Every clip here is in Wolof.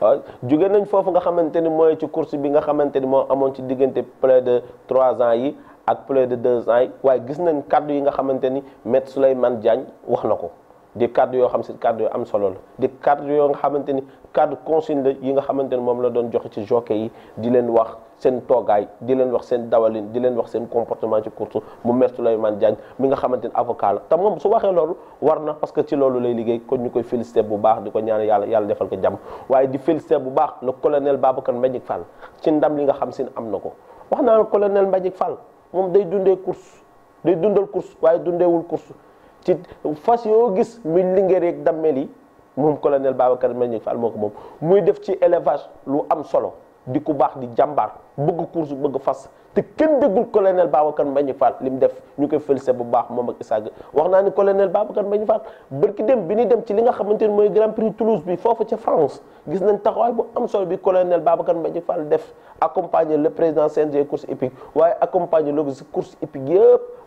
waaw euh, jóge nañ foofu nga xamante ni mooy ci course bi nga xamante ni moo amoon ci diggante près de trois ans yi ak près de deux ans yi waaye gis nañ kàddu yi nga xamante ni maître Souleymane Diagne wax na ko di kàddu yoo xam si kàddu yoo am solo la di kàddu yoo nga xamante ni cadre consigne yi nga xamante ne moom la doon joxe ci jockey yi di leen wax seen toogaay di leen wax seen dawalin di leen wax seen comportement ci course mu maître Souleymane Diagne mi nga xamante ne avocat la te moom su waxee loolu war na parce que ci loolu lay liggéey kon ñu koy félicité bu baax di ko ñaan yàlla yàlla defal ko jàmm waaye di félicité bu baax le colonel Babacar Mbagnick Fall ci ndam li nga xam si ne am na ko wax naa la colonel Mbagnick Fall moom day dundee course day dundal course yoo gis muy lingeer yeeg dammel yi Mon colonel Babacar Mbagnick Fall moo ko muy def ci élevage lu am solo di ku bax di jambar bëgg course bëgg fas te kenn déggul colonel Babacar Mbagnick Fall li def ñukay koy bu baax mom ak Issa waxna ni colonel Babacar Mbagnick Fall barki dem bi ni dem ci li nga xamante moy Grand Prix Toulouse bi fofu ci France gis nañ taxaway bu am solo bi colonel Babacar Mbagnick Fall def accompagner le président CNG course épique. waaye accompagner logistique course épique. yépp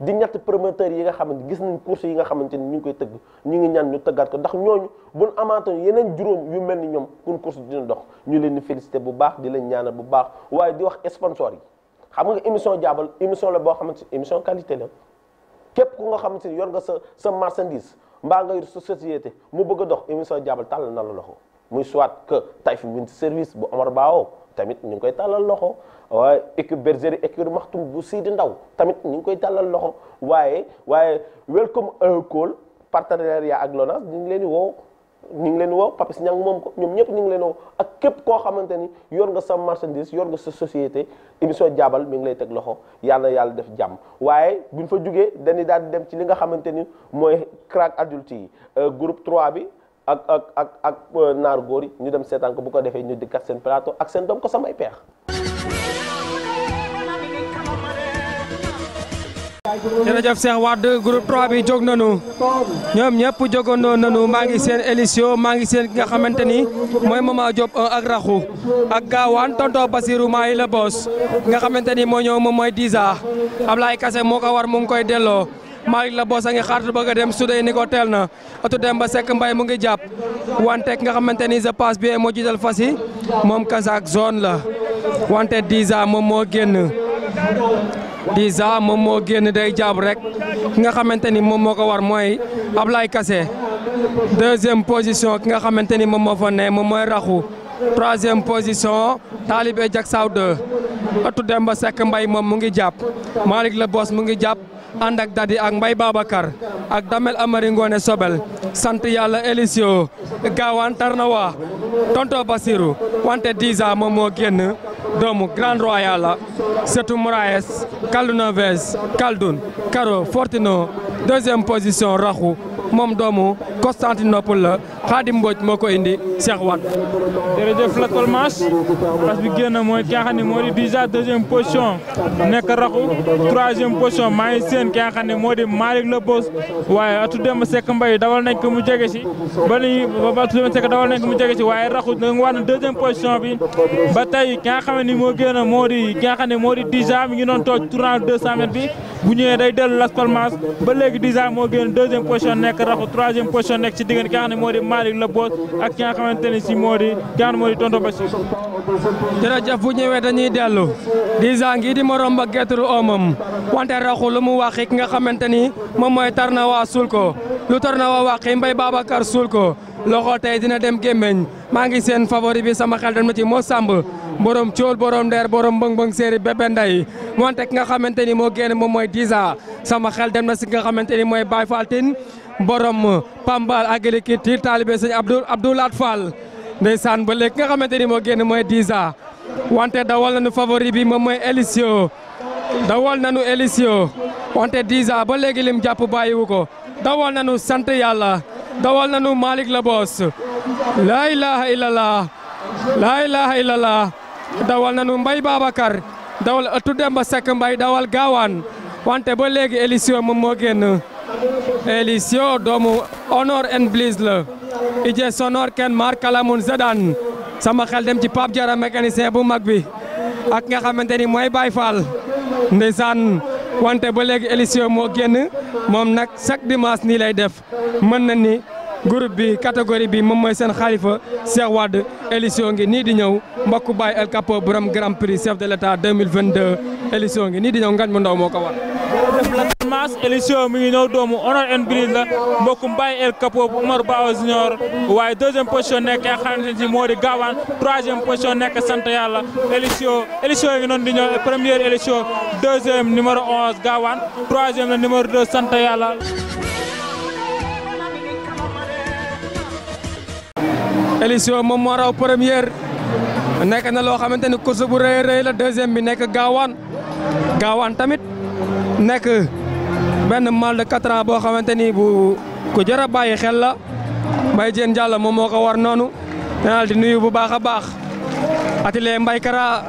di ñetti promoteurs yi nga xamante gis nañ course yi nga xamante ni ñu ngi koy tëgg ñu ngi ñaan ñu tëggaat ko ñooñu buñ amaatoon yeneen juróom yu mel ni ñoom kun course dina dox ñu leen di félicité bu baax di leen ñaanal bu baax waaye di wax sponsor yi xam nga émission jabal émission la boo xamante émission qualité la képp ku nga xamante ni yor nga sa sa marchandise mbaa nga yor sa société mu bëgg a dox émission jaabal tàll na la loxo muy soit que Taïf Wind Service bu Omar Bao tamit ñu ngi koy tàllal loxo waaye équipe bergerie équipe maxtum bu Sidi Ndaw tamit ñu ngi koy tàllal loxo waaye waaye welcome un call partenariat ak LONASE ñu ngi leen di woo ñu ngi leen di woo Papis Niang moom ko ñoom ñëpp ñu ngi leen di ak képp koo xamante ni yor nga sa marchandise yoon nga sa société émission jaabal mi ngi lay teg loxo yàlla yàlla def jàmm waaye buñ fa jugee dañuy daal di dem ci li nga xamante ni mooy crack adulte yi euh, groupe 3 bi. ak ak ak ak euh, naar ñu dem seetaan ko bu ko defee ñu dikkat seen plateau ak seen doom ko samay peex. jërëjëf Cheikh Wade groupe 3 bi jóg nañu ñoom ñëpp jógandoo nañu maa ngi seen émission maa ngi seen ki nga xamante ni mooy Mama Diop ak Raxu ak gaawaan tonton Basirou Maay la bos nga xamante ni moo ñëw moom mooy Diza Ablaye Kase moo ko war mu ngi koy delloo. Malick la boos a ngi xaar tu bëgg a dem Soudé ni ko teel na atu dem ba sekk Mbaye mu ngi jàpp wante nga xamante ni je passe bien moo jiital fas yi moom ak zone la wante a moom moo génn Diza moom moo génn day jàpp rek ki nga xamante ni moom moo ko war mooy Ablaye kase deuxième position ki nga xamante ni moom moo fa ne moom mooy Raxu troisième position Talibé Diaksaaw 2 atu dem ba Seck Mbaye moom mu ngi jàpp Malick la boos mu ngi jàpp. ànd ak Dadi ak Mbay Babacar ak Damel Amari Ngoone Sobel sant yàlla Elisio gaawaan Tarnawa tonto Basiru wante Diza moom moo génn doomu Grand Royal la Setu Moraes Kaldunoves Kaldun Karo Fortino deuxième position Raxu mom domo Constantinople la Xaadim Mbooj moko indi Cheikh wat jërëjëf la Tolmas fas bi génn moy ki nga xam ne moo di déjà deuxième position nek raxu troisième position maa ngi seen ki nga xam ne moo Le Boss waye atu dem sek mbay dawal nañ ko mu djégé ci ba léegi ba atu dem Seck dawal nañ ko mu djégé ci waye raxu nga war deuxième position bi ba tay ki nga xam ne moo modi nga xam ne moo di déjà mi ngi non toj tournant 200 mètres bi bu ñëwé day dellu Las Palmas ba léegi déjà mo génn deuxième position nek raxu troisième position nekk ci diggante ki nga xam ne moo di Malick la boos ak ki nga xamante ne si moo di ki nga xam ne moo di tonton Bachir jërëjëf ñëwee dañuy dellu disan gi di morom ba geeturu omam wante raxu lu mu waxi ki nga xamante ni moom mooy tarnawa suul ko lu tarnawa waxi mbay Babacar suul ko loxo tey dina dem gémmeñ maa ngi seen favori bi sama xel dem na ci moo sàmb borom cool borom ndeer borom mbëng-mbëng séeri bébé nday ni moo génn moom mooy disa sama xel dem na si borom Pambal àggale kii tiir taalibe sëñ Abdou Abdou Lahat Fall ndeysaan ba léegi nga xamante ni moo génn mooy Diza wante dawal na favori bi moom mooy Elisio dawal na nañu Elisio wante Diza ba léegi lim jàpp bàyyiwu ko dawal nañu sant yàlla dawal nañu Malick Labos laa ilaha illallah laa ilaha illallah dawal nañu Mbaye Babacar dawal ëttu Demba Seck Mbaye dawal gaawaan wante ba léegi Elisio moom moo génn elisio domu honor and bliss le ije sonor ken markalamun kalamun zedan sama xel dem ci pap jara mécanicien bu mag bi ak nga xamanteni moy bay Fall ndesan wante ba leg elisio mo genn mom nak chaque dimanche ni lay def man na ni groupe bi catégorie bi mom moy sen khalifa Cheikh wad elisio ngi ni di ñew mbokku bay El Capo borom Grand Prix chef de l'État 2022 Elisio ngi ni di ñew ngañ mu ndaw moko war Latir Mass émission mi ngi ñëw doomu Honor and Greed la mbokkum Baye El Capo bu Omar Bawa Junior waaye deuxième position nekk nga xamante ni moo di Gawane troisième position nekk sant yàlla émission émission yi ngi noonu di ñëw première émission deuxième numéro 11 Gawane troisième la numéro 2 nekk na loo xamante ni course bu bi nekk Gawane tamit. Nek ben mal de quatre ans boo bu ku jara baye xel la Mbaye Diène jalla moom moko war nonu dal di nuyu bu baakha a baax atile mbay Kara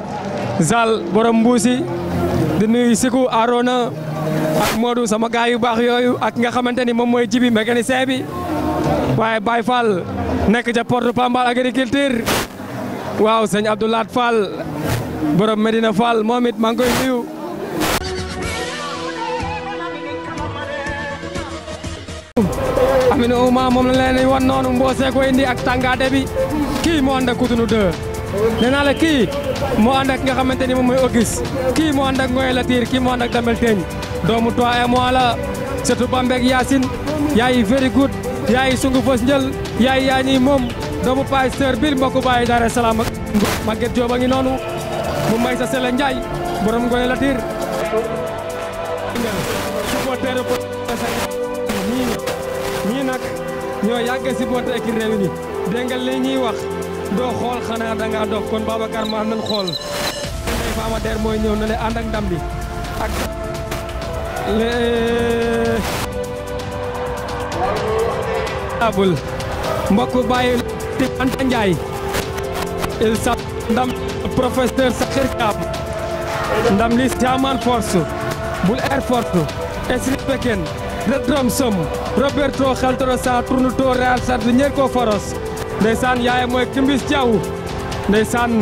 Zal borom mbusi di nuyu Siku Arona ak Modou sama gaay yu baax yoyu ak nga xamanteni mom moy jibi mécanicien bi waye Baye Fall nek ja porte Pambal agriculture waaw seigne abdoulat Fall borom Medina Fall momit mang koy nuyu. minhuma moom la leen wan noonu mboose ko indi ak tàngaade bi kii moo ànd ak Cotonou 2 nee la kii moo ànd ak nga xamante ni moom mooy Auguste kii moo ànd ak Ngoye Latir kii moo ànd ak Teeñ doomu toi et la surtout Bambek Yacine yaay very good yaay sungu fës njël yaay yaa ñuy moom doomu pasteur bir mbokku bàyyi Daara Salaam ak Maguette Diop a ngi noonu mu may sa Sele Ndiaye borom Ngoye Latir ñoo yàgg supporté équipe réew mi dégg nga li ñuy wax doo xool xanaa da ngaa dox kon Babacar ma am nañ xool ndey Fama Der mooy ñëw na le ànd ak ndam bi ak le abul mbokk bàyyi ti Anta Ndiaye il sa ndam professeur Sakhir Thiam ndam li Siaman Force bul Air Force Esri Peken Red Drum Som Roberto Xeltorosa tournuto Real Stade Ñerko Foros ndeysaan yaay mooy Kimbis Diaw ndeysaan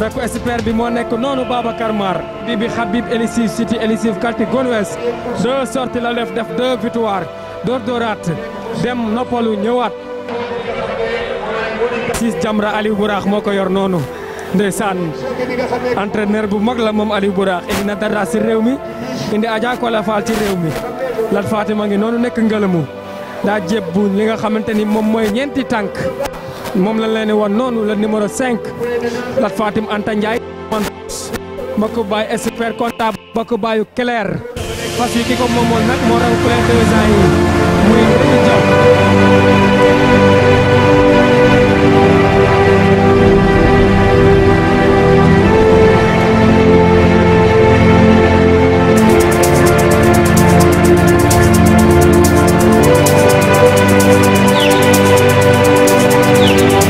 rakku expert bi moo nekk noonu Babacar Mar bi bi Habib Elisif City Elisif Kalti Gonwes deux sorties la def def deux victoires door dooraat dem noppalu ñëwaat siis Jamra Aliou Bouraax moo ko yor noonu ndeysaan entraîneur bu mag la moom Aliou Bouraax indi na dara si réew mi indi Adja Kola Fall ci réew mi Lat Fatima ngi noonu nekk ngëlamu daa jébbu li nga xamante ni moom mooy ñeenti tànk moom lañ leen di wan noonu la numéro 5 Lat Fatim Anta Ndiaye. mbokku baay expert comptable mbokku baayu fas yi ki ko moomoon nag moo raw clair yi muy Jaw フフフ。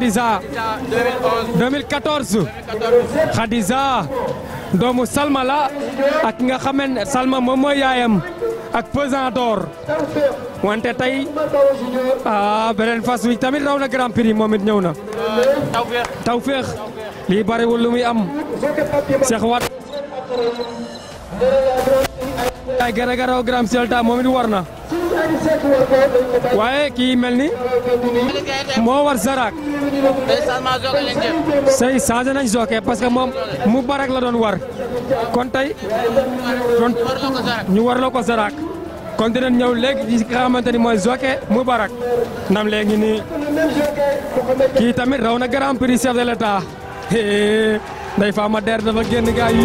Khadija 2014 Khadija doomu Salma la ak nga xaman Salma moom mooy yaayam ak pesant d'or wante tey ah fas wi tamit raw na Grand Prix moom it ñëw na tawféex lii bariwul lu muy am Cheikh Wade ay gara Grand Prix moom it war na waaye kii mel ni moo war Zarak. say changé nañ jokkee parce que moom mu barak la doon war kon tey kon ñu warloo ko Zarak kon di dinañ ñëw léegi ci nga xamante ni mooy jokkee mu barak nam léegi nii kii tamit raw na grand prix chef de l'état nday faama der dafa génn gaa yi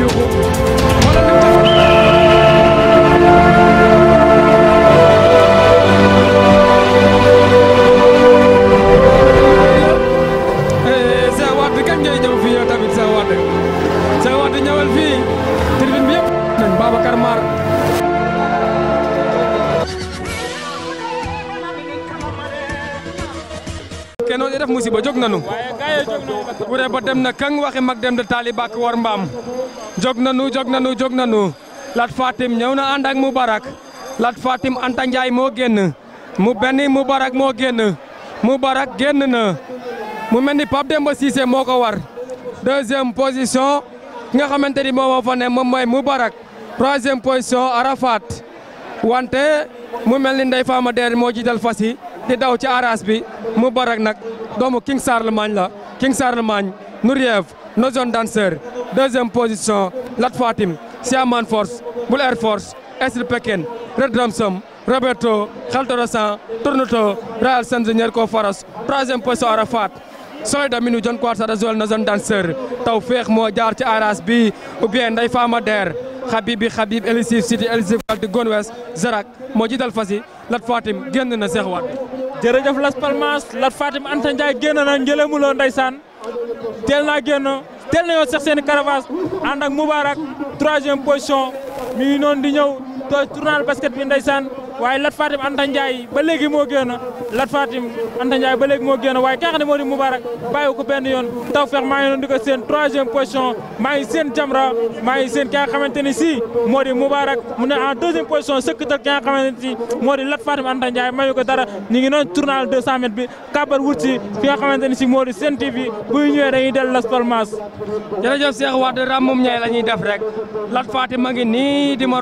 woote say woote ñëwal fii tribune bi yëpp nañ Babacar Mar kenoo di def musiba jóg nanu wure ba dem na kang waxe mag dem da taaliba ak war mbaam jóg nanu jóg nanu jóg nanu Lat Fatim ñëw na ànd ak Moubarak Lat Fatim Anta Ndiaye moo génn mu benn Moubarak moo génn Moubarak génn na mu mel ni Demba Cissé moo war deuxième position nga xamanteni Mubarak. troisième position Arafat wante mu melni Fama Der mo Moubarak King Charlemagne la King Charlemagne Nouriev Nozon Dancer. deuxième position Lat Fatim Siaman Force Bull Air Force Esri Pekin Red Ramsom Roberto Khaltorosan Tournuto, saint Sanzinier troisième position Arafat soyda minu jon ko warsada zol no zone danseur taw feex moo jaar ci aras bi ou bien nday fama der Habibi Habib Elisif City Elisif Galti Gone West Zarak moo jiital fas yi Lat Fatim génn na Cheikh Wade. jërëjëf Las Palmas Lat Fatim Anta Ndiaye génn na njëleemuloo ndeysaan teel naa génn teel nañoo sax seen i caravage ak Moubarak troisième position mi noonu di ñëw te tournal basket bi ndeysaan waaye Lat Fatim Anta Ndiaye ba léegi moo génn Lat Fatim Anta Ndiaye ba léegi moo génn waaye ka xam ne moo di Moubarak bàyyi ko benn yoon Tawfekh maa ngi doon di ko seen troisième position maa ngi seen Jamra maa ngi seen ki nga xamante ni si moo di Moubarak mu ne en deuxième position sëkkatal ki a xamante ni moo di Lat Fatim Anta Ndiaye mayu ko dara ñi ngi noon tournal 200 mètres bi kabar wut fi nga xamante ni si moo di seen TV buy ñëwee dañuy dellu Las Palmas jërëjëf Cheikh Wade moom ñaay la ñuy def rek Lat Fatim ma nii di ma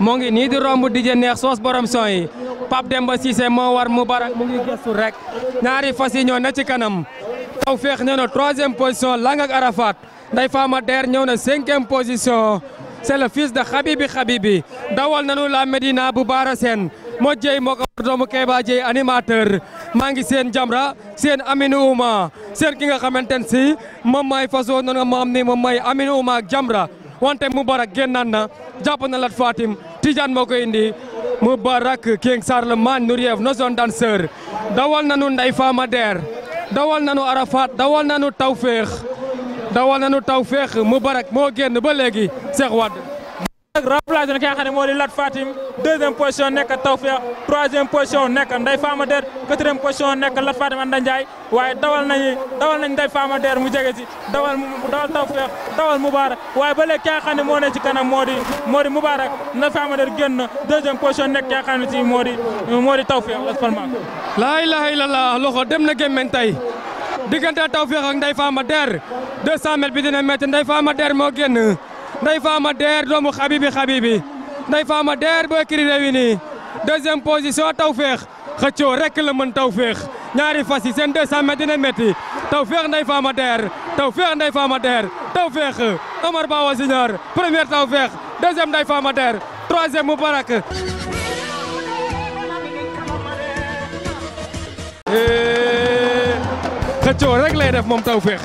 mu ngi nii di romb di neex soos borom son yi Pape Demba Cissé moo war mu mu ngi gëstu rek ñaari fas yi ñoo na ci kanam taw feex ñëw na troisième position Lang ak Arafat Ndeye Fama Der ñëw na cinquième position c'est le fils de Habibi Habibi dawal nanu la Médina bu Baara Seen moo jëy moo ko war doomu Keba Jëy animateur maa ngi seen Jamra seen Aminou Ouma seen ki nga xamante ne si moom may façon noonu nga ma am ni may Aminou Ouma ak Jamra wante Moubarak génnaat na jàpp na Lat Fatim Tidiane moo koy indi Moubarak King Sarlemagne Nouriev Nozon Danseur dawal na nanu Ndeye Fama Der dawal nanu Arafat dawal nanu Tawféex dawal nanu Tawféex barak moo génn ba léegi Cheikh Wade nag remplacé na ki nga xam ne moo di Lat Fatim deuxième position nekk Tawfekh troisième position nekk Ndeye Fama Der quatrième position nekk Lat Fatim Anda Ndiaye waaye dawal nañu dawal nañ Der mu jege si dawal dawal Tawfekh dawal Moubarak waaye ba léegi ki nga xam ne moo ne ci kanam moo di moo di Moubarak Ndeye Fama Der génn deuxième position nekk ki nga xam ne si moo di moo di Tawfekh Las Palmas laa ilaha illallah loxo dem na gémmeñ tey diggante Tawfekh ak Ndeye Fama Der 200 mètres bi dina métti Ndeye nday faama deer doomu xabibi xabibi nday faama deer boo écrit réuni deuxième position taw féex xëccoo rek la mën taw féex ñaari fas yi seen 200 mètres dina métti taw féex nday faama deer taw féex nday faama deer taw féex Omar Bawa Junior première taw féex deuxième nday faama deer troisième Moubarak xëccoo rek lay def moom taw féex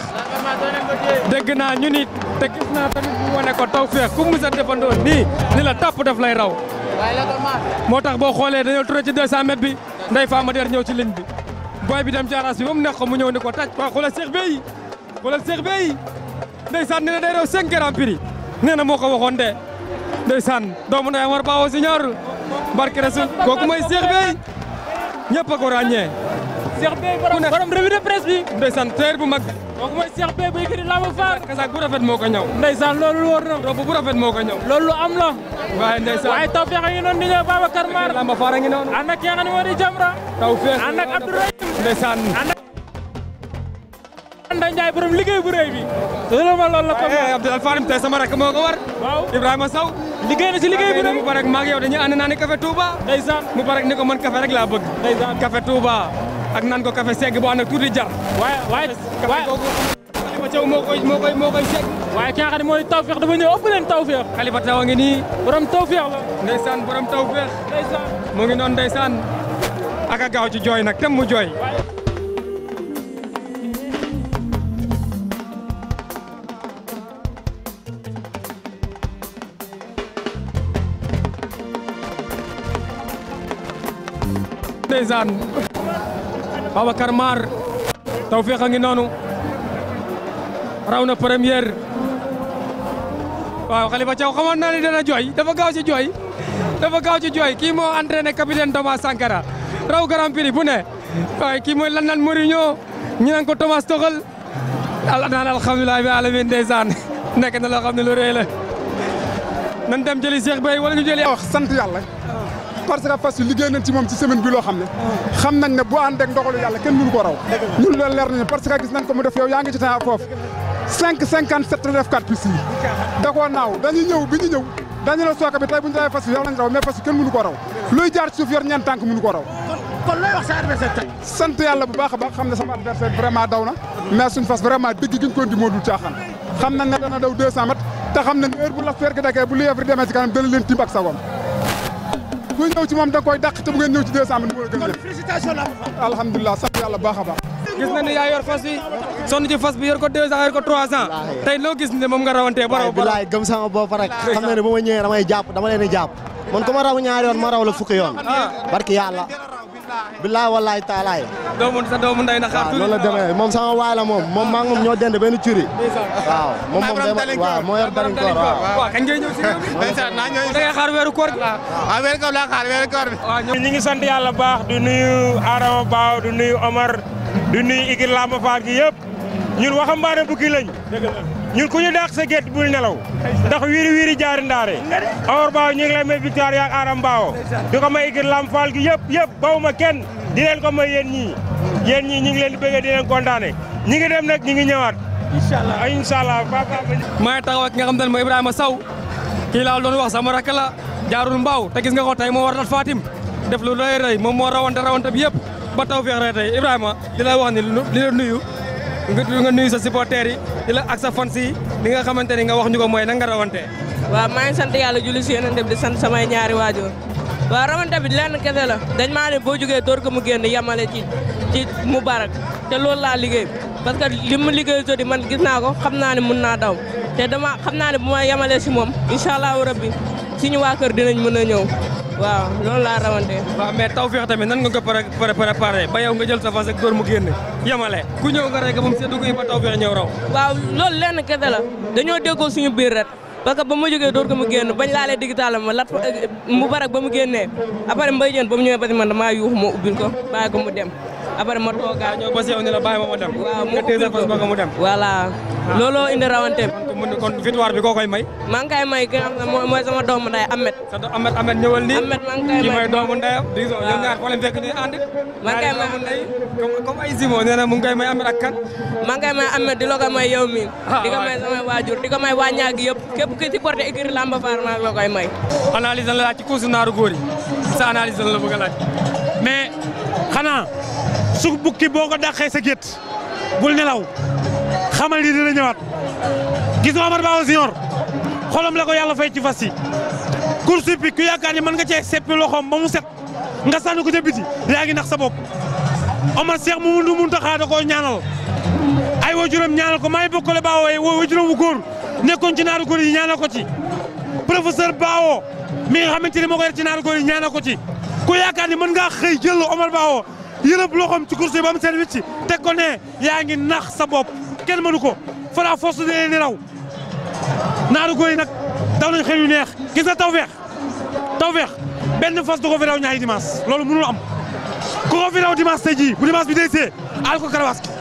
dégg naa ñu nit te gis naa tamit ne ko tawfeex ku mu sa nii ni la tàpp lay raw moo tax boo xoolee dañoo turé ci 200 mètres bi nday faama der ñëw ci bi boy bi dem ci aras bi ba mu neex ko mu ñëw ko taj waa xoolal Cheikh Bey xoolal Cheikh Bey ndeysaan nee na day raw 5 Grand Prix nee na moo ko waxoon de san doomu nday Amar Baawo si ñor barke Rasul kooku mooy Cheikh Bey ñëpp a ko ràññee Cheikh Bey borom revue de presse bi ndeysaan teer bu mag kooku mooy Cheikh Bébé Yékini Lamb Fall kasaak bu rafet moo ko ñëw ndeysaan loolu wóor na rob bu rafet moo ko ñëw loolu lu am la waaye ndeysaan waaye tawfeex a ngi noonu di ñëw Babacar Mar Lamb Fall a ngi noonu ànd ak ki nga xam ne moo di Jamra tawfeex ànd ak Abdourahim ndeysaan ànd ak Anta Ndiaye liggéey bu rëy bi loolu la ko eh, Abdoul Farim tey sama rakk moo ko war waaw Ibrahima Sow liggéey si liggéey bu rëy mu parek maa ngi yow dañuy ànd naa ne café Touba ndeysaan mu ni ko man café rek laa bëgg ndeysaan café ak nan ko café segg boo xam ne tuuti jar. waaye waaye waaye Xalifa Thiaw moo moo koy moo segg. waaye ki nga xam ne dafa ñëw ëpp leen tawféex. Xalifa a ngi nii. borom tawféex la. ngi noonu ndeysaan. ak a gaaw ci jooy nag tam jooy. Babacar Maar tawféex a ngi noonu raw na première waaw Khalifa Thiaw xamoon naa ne dana jooy dafa gaaw ci jooy dafa gaaw ci jooy kii moo entraîné capitaine Thomas Sankara raw Grand bu ne waaye kii mooy lan lan Mourinho ñu naan ko Thomas Tuchel al naan alhamdulilah bi alamin ndeysaan nekk na loo xam ne lu rëy la nan dem jëli Cheikh Bey wala ñu jëli wax sant yàlla parce que fas yi liggéey nañ ci xam ne xam nañ ne bu ànd ak ndogalu yàlla kenn mënu ko raw ñun loolu leer nañ parce gis nañ ko mu def yow yaa ngi ci temps foofu cinq cinquante sept def quatre plus yi naaw dañuy ñëw bi ñëw dañu la sooka bi tey bu ñu rawee fas yi raw mais fas yi kenn ko raw luy jaar ci suuf yor ñeent ko raw kon looy bu baax a baax xam ne sama adversaire vraiment daw na mais suñu fas vraiment dëgg gi ko indi moo dul caaxaan xam xam nañ ku ñëw ci moom da koy dàq te bu ngeen ñëw ci décembre numéro gën leen. félicitation la alhamdulilah a gis na yaa yor fas bi sonn ci fas bi yor ko 200 yor ko 300. tey loo gis ne moom nga rawantee ba raw ba bilaay gëm sama bopp rek ma ñëwee damay dama leen di jàpp man ma raw ñaari yoon ma raw la fukki yoon ah. barki yàlla billaay wallaay taalaay. doomu sa doomu ndey na xaar tuuti waaw loolu la demee moom sama waay la moom moom maa ngi moom ñoo dend benn curi. waaw moom moom day waaw waaw. waaw kañ ngay ñëw si réew waaw weeru koor laa xaar weeru koor bi. ñu ngi sant yàlla Ba du nuyu Omar du nuyu Igir Lamba Fall gi yëpp ñun waxambaane bukki lañ. ñun ku ñu dàq sa gétt bu nelaw ndax wiri wiri jaar ndaare awar baaw ñi ngi lay may victoire yaak aaram baaw di ko may igir lam faal gi yëpp yëpp bawuma ma kenn di leen ko may yéen ñi yéen ñi ñi ngi leen di di leen kontaane ñi ngi dem nak ñi ngi ñëwaat inshallah inshallah papa ma taxaw ak nga xam ne mooy Ibrahima saw ki laa doon wax sama rak la jaarul mbaaw te gis nga ko tay mo war a Fatim def lu lay ray mo mo rawante rawante bi yëpp ba taw feex rey Ibrahima di lay wax ni li la nuyu nga nuyu sa supporters yi la ak sa fans yi li xamante ni nga wax ñu ko mooy nan rawante. waa maa ngi sant yàlla julli si yeneen de sant samay ñaari waajur waaw rawante bi lenn kese la dañ maa ne boo jógee door ko mu génn yemale ci ci Moubarak te loolu laa liggéey parce que li mu liggéey jodi man gis naa ko xam naa ne mun naa daw te dama xam naa ne bu ma yemalee si moom incha allahu rabbi suñu waa kër dinañ mën a ñëw. waaw loolu laa rawante. waaw mais tawfeex tamit nan nga ko préparé ba yow nga jël sa fas ak dóor mu génn yemale ku ñëw nga rek mu seddu ko ba tawfeex ñëw raw. waaw loolu lenn kese la dañoo déggoo suñu biir rek parce que ba ma jógee dóor ko mu génn bañ laalee digital ma lat eh, mu barak ba mu génnee après mbay jën ba mu ñëwee ba ci man damaa yuux ma ubbil ko bàyyi ko dem. après ma toogaat. ñëw ba si yow ni la bàyyi ma ma dem. waaw mu ubbi ko nga mu dem. voilà ah. looloo indi rawante bi. kon victoire bi koo koy may. maa ngi koy may ki nga xam ne mooy sama doomu nday Ahmed. sa doomu Ahmed Ahmed ñëwal nii. Ahmed maa ngi koy may kii mooy na mu ngi koy may ak kan. maa ngi koy may di la ko may ah, di ko may samay waajur di ko may waa ñaag yëpp képp ki si Lamba Fall maa ngi la koy may. analyse naaru góor sa analyse la la bëgg a suuf bukki boko daxé sa gette bul nelaw xamal ni dina ñëwaat gis nga Omar Ba Junior xolam la ko Yalla fay ci fas yi course bi ku yaakaar man nga ci seppi loxom ba mu set nga sànni ko jëbiti biti nax sa bopp Omar Cheikh Mamadou Mountakha da ko ñaanal ay waajuram ñaanal ko may bokkole Baawo ay waajuram wu góor nekkon ci naaru góor yi ñaanal ko ci professeur Baawo mi nga xamanteni ni ko yar ci naaru góor yi ñaanal ko ci ku yaakaar man nga xey jël Omar Baawo yërëb loxoom ci course yi ba mu seen wicci teg ko ne yaa ngi nax sa bopp kenn mënu ko Fara force de leen di raw naaru góor nag daw nañ xëy yu neex gis nga taw feex taw feex benn fas du ko fi raw ñaari dimanche loolu mënul am ku ko fi raw dimanche tey jii bu dimanche bi dee see aal ko karawaas